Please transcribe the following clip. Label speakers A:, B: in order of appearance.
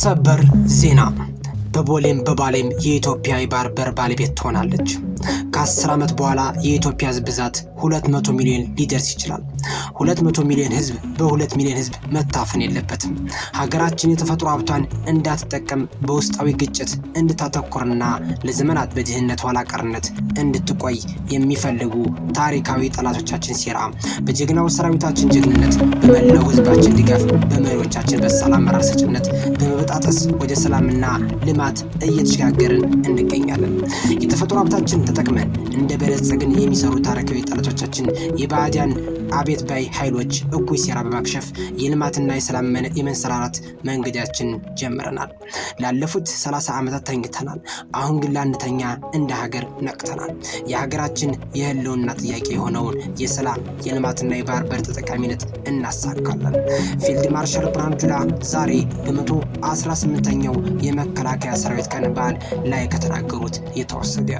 A: ሰበር ዜና በቦሌም በባሌም የኢትዮጵያ የባህር በር ባለቤት ትሆናለች ከአስር ዓመት በኋላ የኢትዮጵያ ህዝብ ብዛት 200 ሚሊዮን ሊደርስ ይችላል። 200 ሚሊዮን ህዝብ በ2 ሚሊዮን ህዝብ መታፈን የለበትም። ሀገራችን የተፈጥሮ ሀብቷን እንዳትጠቀም በውስጣዊ ግጭት እንድታተኩርና ለዘመናት በድህነት ኋላቀርነት እንድትቆይ የሚፈልጉ ታሪካዊ ጠላቶቻችን ሴራ በጀግናው ሰራዊታችን ጀግንነት በመላው ህዝባችን ድጋፍ በመሪዎቻችን በሰላም መራሰጭነት በመበጣጠስ ወደ ሰላምና ልማ ልማት እየተሸጋገርን እንገኛለን። የተፈጥሮ ሀብታችን ተጠቅመን እንደ በለጸግን የሚሰሩ ታሪካዊ ጠላቶቻችን የባዕዳን አቤት ባይ ኃይሎች እኩይ ሴራ በማክሸፍ የልማትና የሰላም የመንሰራራት መንገዳችን ጀምረናል። ላለፉት 30 ዓመታት ተኝተናል። አሁን ግን ላንተኛ እንደ ሀገር ነቅተናል። የሀገራችን የህልውና ጥያቄ የሆነውን የሰላም የልማትና የባህር በር ተጠቃሚነት እናሳካለን። ፊልድ ማርሻል ብርሃኑ ጁላ ዛሬ በመቶ 18ኛው የመከላከያ የሰራዊት ቀን በዓል ላይ ከተናገሩት የተወሰደ